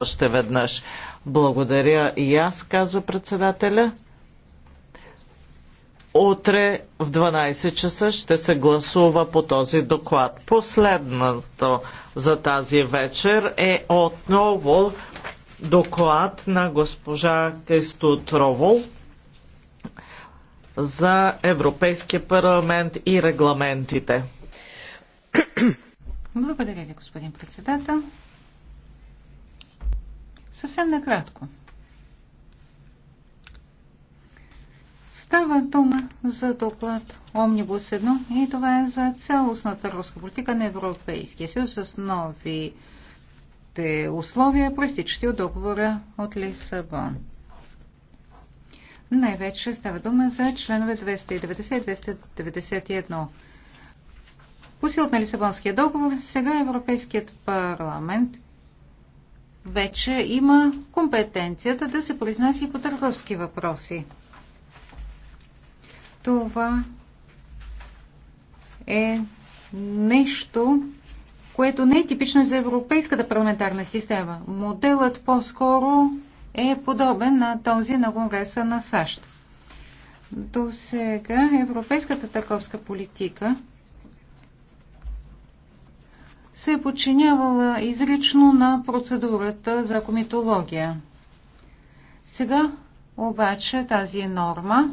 още веднъж. Благодаря и аз, казва председателя. Утре в 12 часа ще се гласува по този доклад. Последното за тази вечер е отново доклад на госпожа Кристо Тровол за Европейския парламент и регламентите. Благодаря ви, господин председател. Съвсем накратко. Става дума за доклад Омнибус 1 и това е за цялостната руска политика на Европейския съюз с новите условия, проистичащи от договора от Лисабон. Най-вече става дума за членове 290-291. По силата на Лисабонския договор сега Европейският парламент – вече има компетенцията да се произнася и по търговски въпроси. Това е нещо, което не е типично за европейската парламентарна система. Моделът по-скоро е подобен на този на Конгреса на САЩ. До сега европейската търговска политика се е подчинявала изрично на процедурата за комитология. Сега обаче тази норма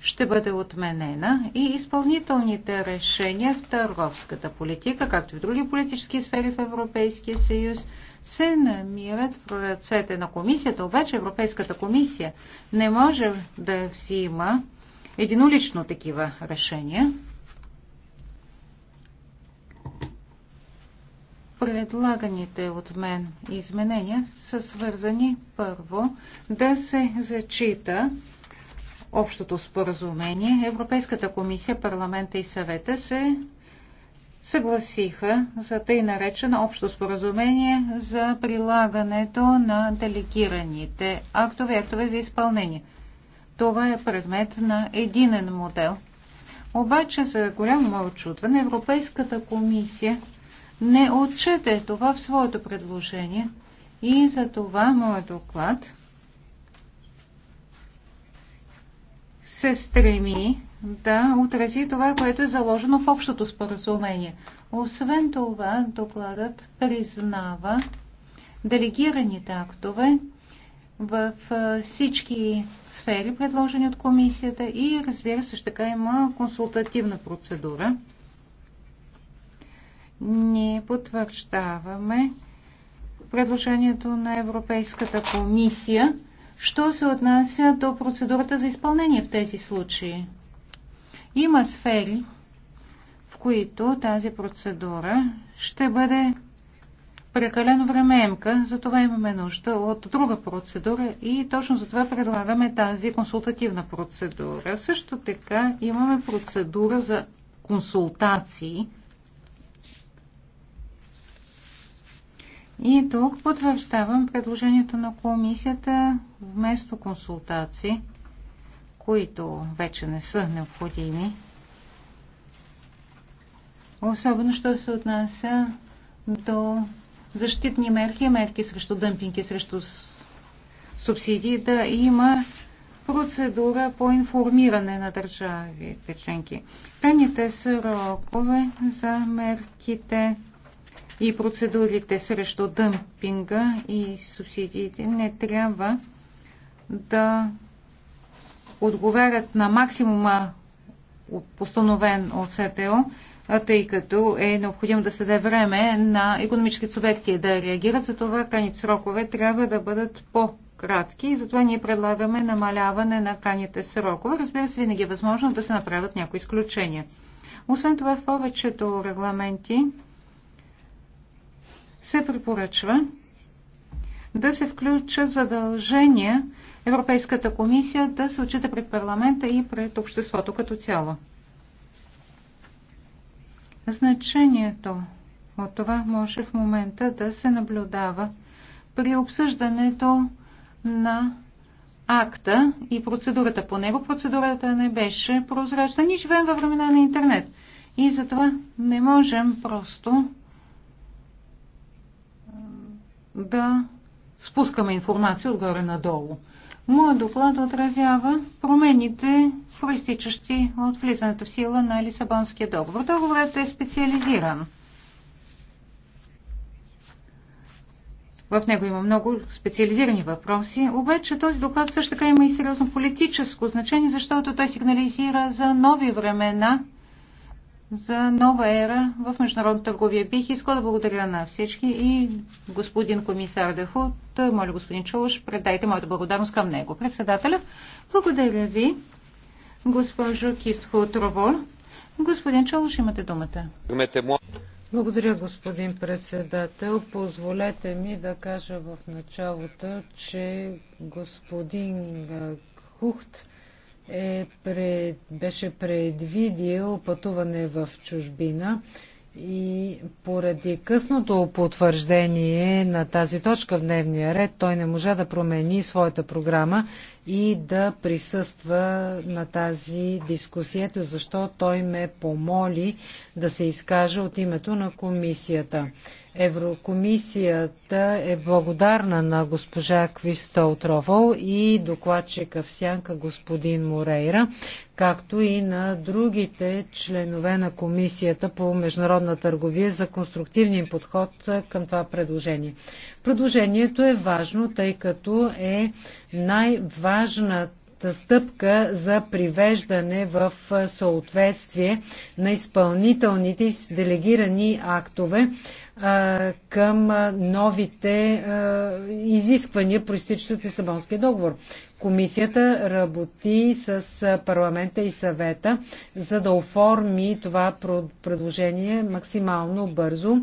ще бъде отменена и изпълнителните решения в търговската политика, както и в други политически сфери в Европейския съюз, се намират в ръцете на комисията, обаче Европейската комисия не може да взима единолично такива решения. Предлаганите от мен изменения са свързани първо да се зачита общото споразумение. Европейската комисия, парламента и съвета се съгласиха за тъй наречено общо споразумение за прилагането на делегираните актове актове за изпълнение. Това е предмет на единен модел. Обаче за голямо мое очудване Европейската комисия не отчете това в своето предложение и за това моят доклад се стреми да отрази това, което е заложено в общото споразумение. Освен това, докладът признава делегираните актове в всички сфери, предложени от комисията и разбира се, така има консултативна процедура ние потвърждаваме предложението на Европейската комисия, що се отнася до процедурата за изпълнение в тези случаи. Има сфери, в които тази процедура ще бъде прекалено времеемка, затова имаме нужда от друга процедура и точно затова предлагаме тази консултативна процедура. Също така имаме процедура за консултации И тук потвърждавам предложението на комисията вместо консултации, които вече не са необходими. Особено, що се отнася до защитни мерки, мерки срещу дъмпинги, срещу субсидии, да има процедура по информиране на държавите членки. са срокове за мерките и процедурите срещу дъмпинга и субсидиите не трябва да отговарят на максимума постановен от СТО, тъй като е необходимо да се даде време на економически субекти да реагират. Затова крайните срокове трябва да бъдат по кратки и затова ние предлагаме намаляване на крайните срокове. Разбира се, винаги е възможно да се направят някои изключения. Освен това, в повечето регламенти се препоръчва да се включат задължения Европейската комисия да се отчита пред парламента и пред обществото като цяло. Значението от това може в момента да се наблюдава при обсъждането на акта и процедурата по него. Процедурата не беше прозрачна. Ние живеем във времена на интернет и затова не можем просто да спускаме информация отгоре надолу. Моят доклад отразява промените, проистичащи от влизането в сила на Лисабонския договор. Договорът е специализиран. В него има много специализирани въпроси, обаче този доклад също така има и сериозно политическо значение, защото той сигнализира за нови времена – за нова ера в международната търговия. Бих искала да благодаря на всички и господин комисар Дехут, моля господин Чулуш, предайте моята благодарност към него. Председателя, благодаря ви, госпожо Кистхутрово. Господин Чолуш, имате думата. Благодаря, господин председател. Позволете ми да кажа в началото, че господин Хухт е пред, беше предвидил пътуване в чужбина и поради късното потвърждение на тази точка в дневния ред, той не можа да промени своята програма и да присъства на тази дискусия, защо той ме помоли да се изкаже от името на комисията. Еврокомисията е благодарна на госпожа Квисто Отровол и докладчика в сянка господин Морейра, както и на другите членове на Комисията по международна търговия за конструктивния подход към това предложение. Предложението е важно, тъй като е най-важната стъпка за привеждане в съответствие на изпълнителните делегирани актове към новите изисквания, проистичащи от Лисабонския договор. Комисията работи с парламента и съвета, за да оформи това предложение максимално бързо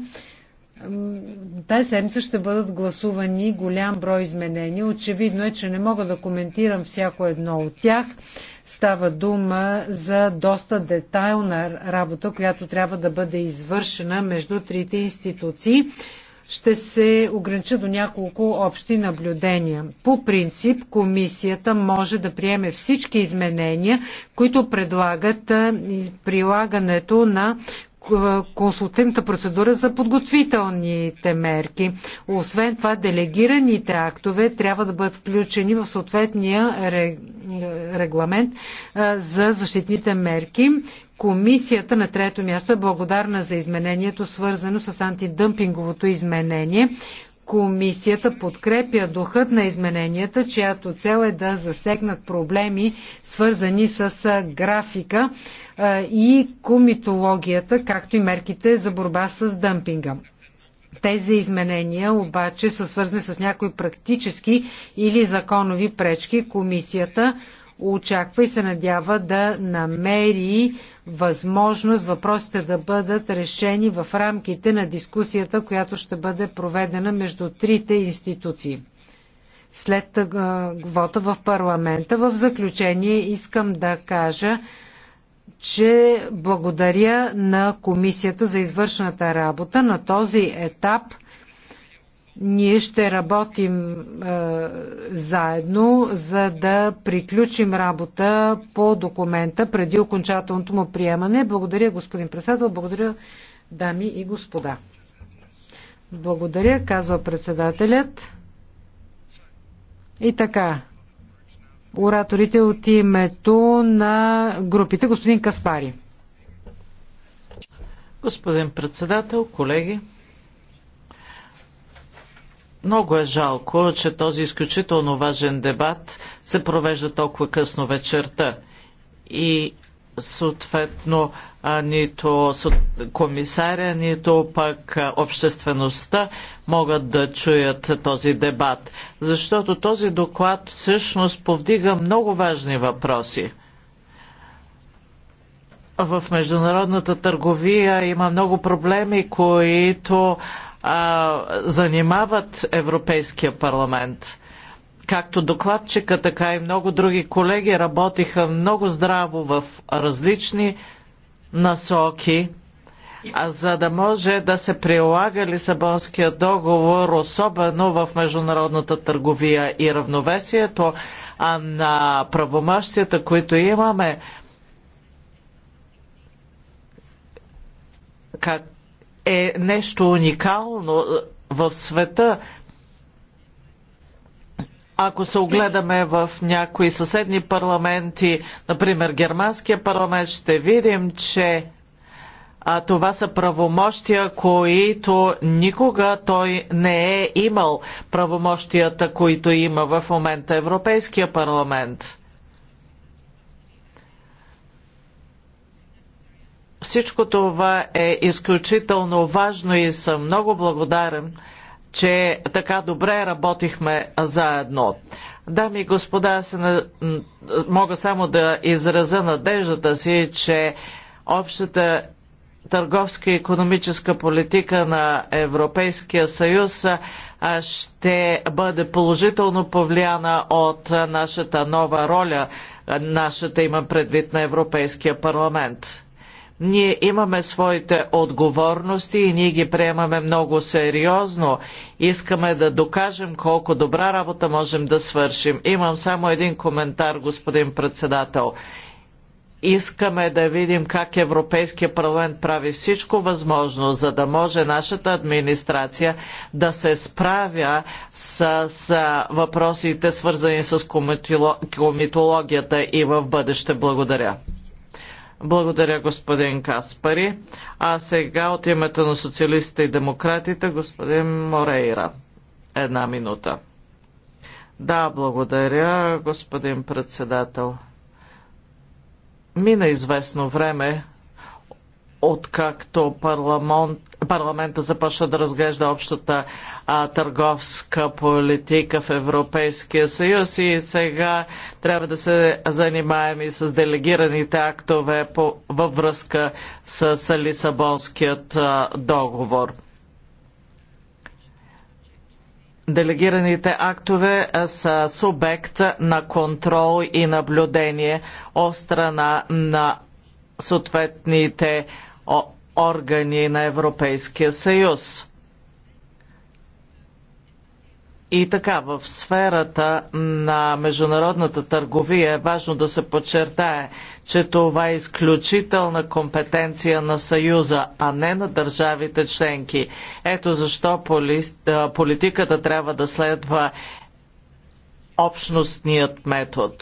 тази седмица ще бъдат гласувани голям брой изменения. Очевидно е, че не мога да коментирам всяко едно от тях. Става дума за доста детайлна работа, която трябва да бъде извършена между трите институции. Ще се огранича до няколко общи наблюдения. По принцип, комисията може да приеме всички изменения, които предлагат прилагането на е, Консултивната процедура за подготвителните мерки. Освен това, делегираните актове трябва да бъдат включени в съответния регламент е, за защитните мерки. Комисията на трето място е благодарна за изменението, свързано с антидъмпинговото изменение, Комисията подкрепя духът на измененията, чиято цел е да засегнат проблеми, свързани с графика и комитологията, както и мерките за борба с дъмпинга. Тези изменения обаче са свързани с някои практически или законови пречки. Комисията очаква и се надява да намери възможност въпросите да бъдат решени в рамките на дискусията, която ще бъде проведена между трите институции след вота в парламента. В заключение искам да кажа, че благодаря на комисията за извършената работа на този етап – ние ще работим е, заедно, за да приключим работа по документа преди окончателното му приемане. Благодаря, господин председател. Благодаря, дами и господа. Благодаря, казва председателят. И така, ораторите от името на групите. Господин Каспари. Господин председател, колеги, много е жалко, че този изключително важен дебат се провежда толкова късно вечерта и съответно нито комисаря, нито пък обществеността могат да чуят този дебат. Защото този доклад всъщност повдига много важни въпроси. В международната търговия има много проблеми, които а, занимават Европейския парламент. Както докладчика, така и много други колеги работиха много здраво в различни насоки, а за да може да се прилага Лисабонския договор, особено в международната търговия и равновесието а на правомащията, които имаме, как е нещо уникално е, в света. Ако се огледаме в някои съседни парламенти, например германския парламент, ще видим, че а, това са правомощия, които никога той не е имал правомощията, които има в момента Европейския парламент. Всичко това е изключително важно и съм много благодарен, че така добре работихме заедно. Дами и господа, мога само да изразя надеждата си, че общата търговска и економическа политика на Европейския съюз ще бъде положително повлияна от нашата нова роля, нашата има предвид на Европейския парламент. Ние имаме своите отговорности и ние ги приемаме много сериозно. Искаме да докажем колко добра работа можем да свършим. Имам само един коментар, господин председател. Искаме да видим как Европейския парламент прави всичко възможно, за да може нашата администрация да се справя с, с въпросите, свързани с комитологията и в бъдеще. Благодаря. Благодаря, господин Каспари. А сега от името на социалистите и демократите, господин Морейра. Една минута. Да, благодаря, господин председател. Мина известно време, откакто парламент, парламента започна да разглежда общата а, търговска политика в Европейския съюз и сега трябва да се занимаем и с делегираните актове по, във връзка с, с Лисабонският а, договор. Делегираните актове са субект на контрол и наблюдение от страна на съответните органи на Европейския съюз. И така, в сферата на международната търговия е важно да се подчертае, че това е изключителна компетенция на Съюза, а не на държавите членки. Ето защо политиката трябва да следва общностният метод.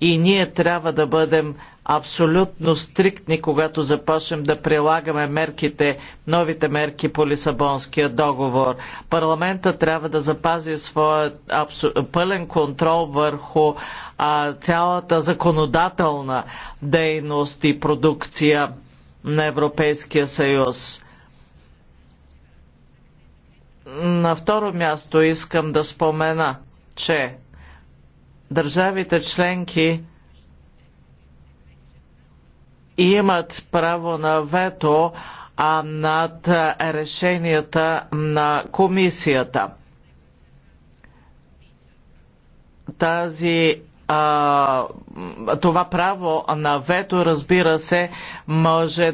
И ние трябва да бъдем абсолютно стриктни, когато започнем да прилагаме мерките, новите мерки по Лисабонския договор. Парламента трябва да запази своя абсу... пълен контрол върху а, цялата законодателна дейност и продукция на Европейския съюз. На второ място искам да спомена, че държавите членки имат право на вето а над решенията на комисията. Тази това право на вето, разбира се, може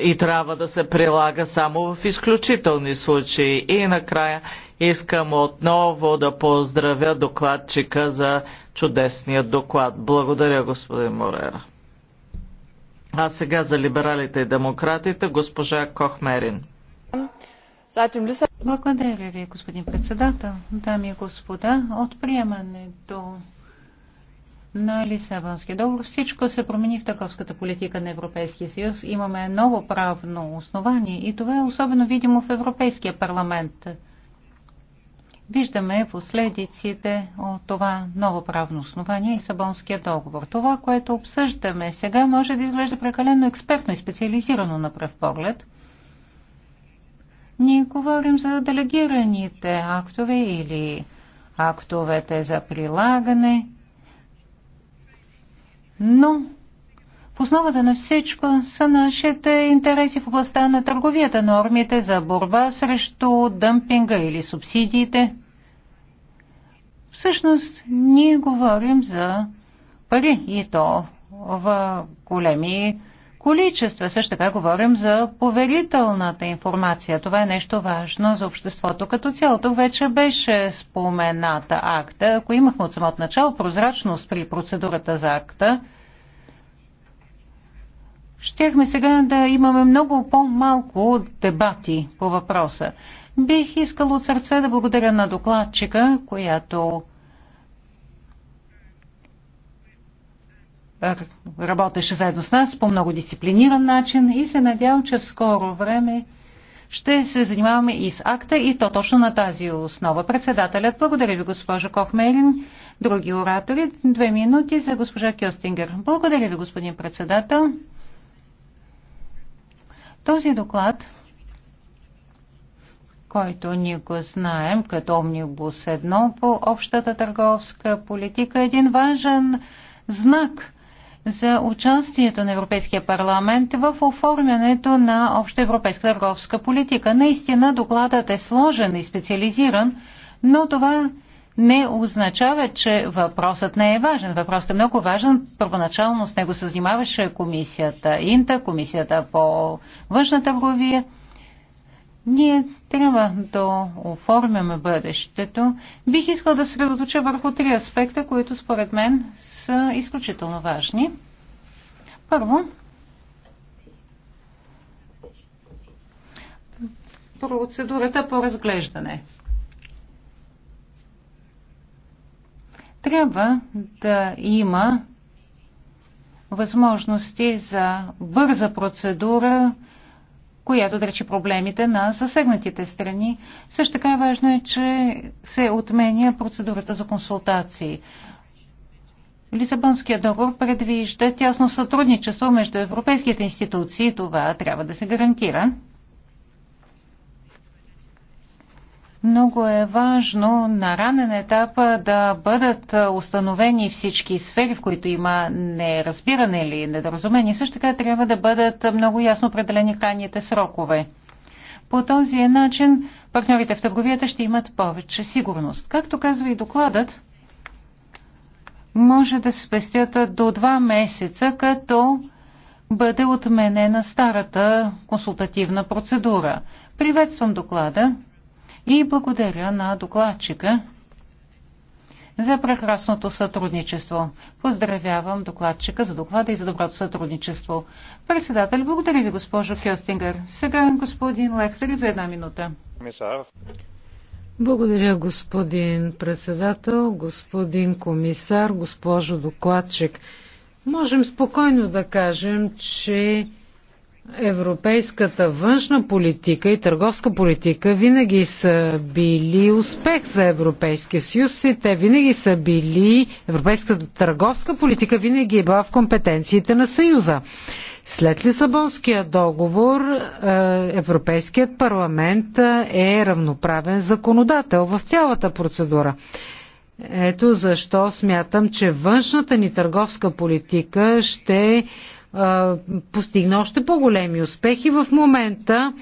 и трябва да се прилага само в изключителни случаи. И накрая искам отново да поздравя докладчика за чудесния доклад. Благодаря, господин Морера. А сега за либералите и демократите госпожа Кохмерин. Благодаря ви, господин председател. Дами и господа, от приемането на Лисабонския договор всичко се промени в търговската политика на Европейския съюз. Имаме ново правно основание и това е особено видимо в Европейския парламент – виждаме последиците от това ново правно основание и Сабонския договор. Това, което обсъждаме сега, може да изглежда прекалено експертно и специализирано на пръв поглед. Ние говорим за делегираните актове или актовете за прилагане, но в основата на всичко са нашите интереси в областта на търговията, нормите за борба срещу дъмпинга или субсидиите. Всъщност, ние говорим за пари и то в големи количества. Също така говорим за поверителната информация. Това е нещо важно за обществото като цяло. Тук вече беше спомената акта. Ако имахме от самото начало прозрачност при процедурата за акта, щяхме сега да имаме много по-малко дебати по въпроса. Бих искал от сърце да благодаря на докладчика, която работеше заедно с нас по много дисциплиниран начин и се надявам, че в скоро време ще се занимаваме и с акта и то точно на тази основа. Председателят, благодаря ви, госпожа Кохмерин. Други оратори, две минути за госпожа Кьостингер. Благодаря ви, господин председател. Този доклад който ние го знаем като Омнибус едно по общата търговска политика, е един важен знак за участието на Европейския парламент в оформянето на обща европейска търговска политика. Наистина докладът е сложен и специализиран, но това не означава, че въпросът не е важен. Въпросът е много важен. Първоначално с него се занимаваше комисията Инта, комисията по външна търговия. Ние трябва да оформяме бъдещето, бих искал да се върху три аспекта, които според мен са изключително важни. Първо, процедурата по разглеждане. Трябва да има възможности за бърза процедура, която да рече проблемите на засегнатите страни. Също така е важно е, че се отменя процедурата за консултации. Лисабонския договор предвижда тясно сътрудничество между европейските институции. Това трябва да се гарантира. Много е важно на ранен етап да бъдат установени всички сфери, в които има неразбиране или недоразумение. Също така трябва да бъдат много ясно определени крайните срокове. По този начин партньорите в търговията ще имат повече сигурност. Както казва и докладът, може да се спестят до два месеца, като бъде отменена старата консултативна процедура. Приветствам доклада и благодаря на докладчика за прекрасното сътрудничество. Поздравявам докладчика за доклада и за доброто сътрудничество. Председател, благодаря ви, госпожо Кьостингър. Сега господин Лехтери за една минута. Благодаря, господин председател, господин комисар, госпожо докладчик. Можем спокойно да кажем, че Европейската външна политика и търговска политика винаги са били успех за Европейския съюз и те винаги са били, европейската търговска политика винаги е била в компетенциите на съюза. След Лисабонския договор е, Европейският парламент е равноправен законодател в цялата процедура. Ето защо смятам, че външната ни търговска политика ще постигна още по-големи успехи. В момента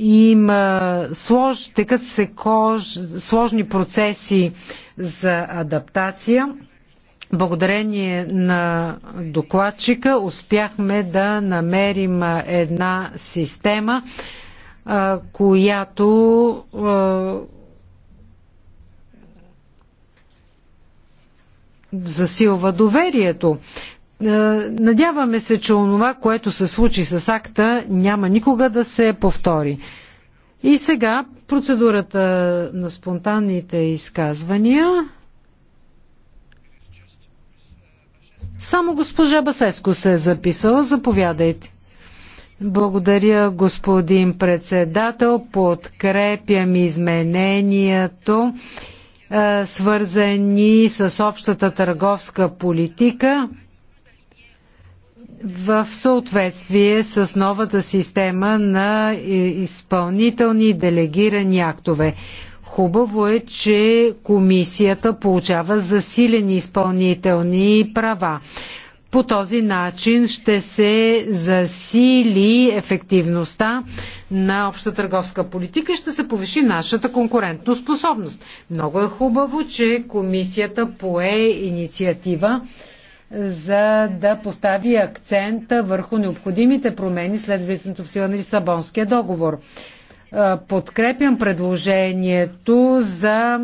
има слож, така се кож, сложни процеси за адаптация. Благодарение на докладчика успяхме да намерим една система, която засилва доверието. Е, надяваме се, че онова, което се случи с акта, няма никога да се повтори. И сега процедурата на спонтанните изказвания. Само госпожа Басеско се е записала. Заповядайте. Благодаря, господин председател. Подкрепям изменението, е, свързани с общата търговска политика в съответствие с новата система на изпълнителни делегирани актове. Хубаво е, че комисията получава засилени изпълнителни права. По този начин ще се засили ефективността на обща търговска политика и ще се повиши нашата конкурентно способност. Много е хубаво, че комисията пое инициатива за да постави акцента върху необходимите промени след влизането в сила на Лисабонския договор. Подкрепям предложението за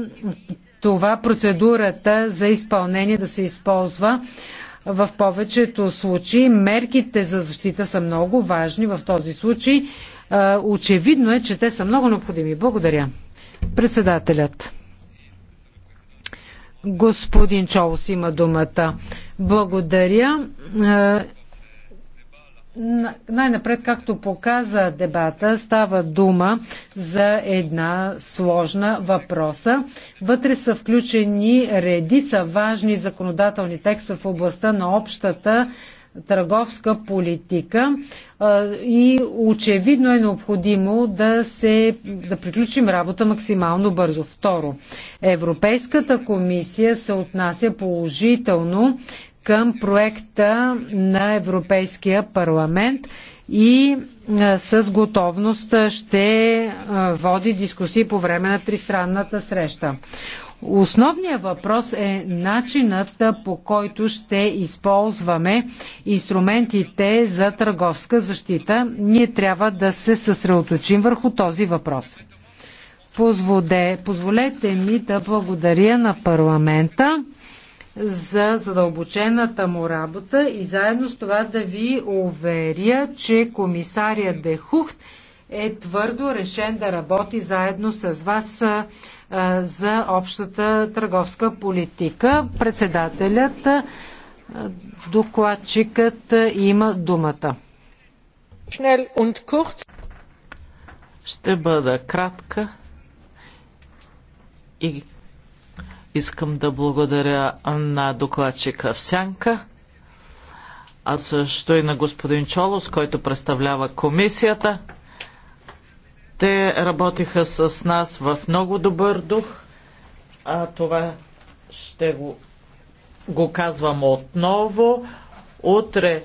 това процедурата за изпълнение да се използва в повечето случаи. Мерките за защита са много важни в този случай. Очевидно е, че те са много необходими. Благодаря. Председателят. Господин Чолс има думата. Благодаря. Е, най-напред, както показа дебата, става дума за една сложна въпроса. Вътре са включени редица важни законодателни текстове в областта на общата търговска политика е, и очевидно е необходимо да, се, да приключим работа максимално бързо. Второ, Европейската комисия се отнася положително към проекта на Европейския парламент и с готовност ще води дискусии по време на тристранната среща. Основният въпрос е начинът по който ще използваме инструментите за търговска защита. Ние трябва да се съсредоточим върху този въпрос. Позволете ми да благодаря на парламента за задълбочената му работа и заедно с това да ви уверя, че комисария Дехухт е твърдо решен да работи заедно с вас за общата търговска политика. Председателят, докладчикът има думата. Ще бъда кратка и Искам да благодаря на докладчика в Сянка, а също и на господин Чолос, който представлява комисията. Те работиха с нас в много добър дух, а това ще го, го казвам отново. Утре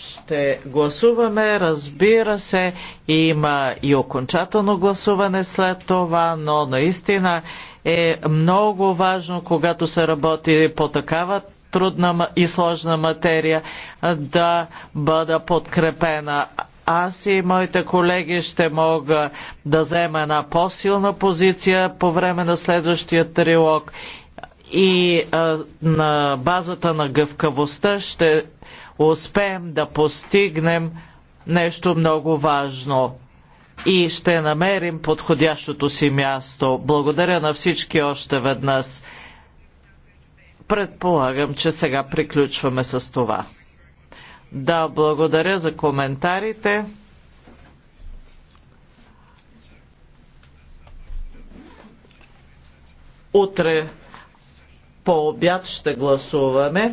ще гласуваме, разбира се, има и окончателно гласуване след това, но наистина е много важно, когато се работи по такава трудна и сложна материя, да бъда подкрепена. Аз и моите колеги ще мога да взема една по-силна позиция по време на следващия трилог и а, на базата на гъвкавостта ще успеем да постигнем нещо много важно и ще намерим подходящото си място. Благодаря на всички още веднъж. Предполагам, че сега приключваме с това. Да, благодаря за коментарите. Утре по обяд ще гласуваме.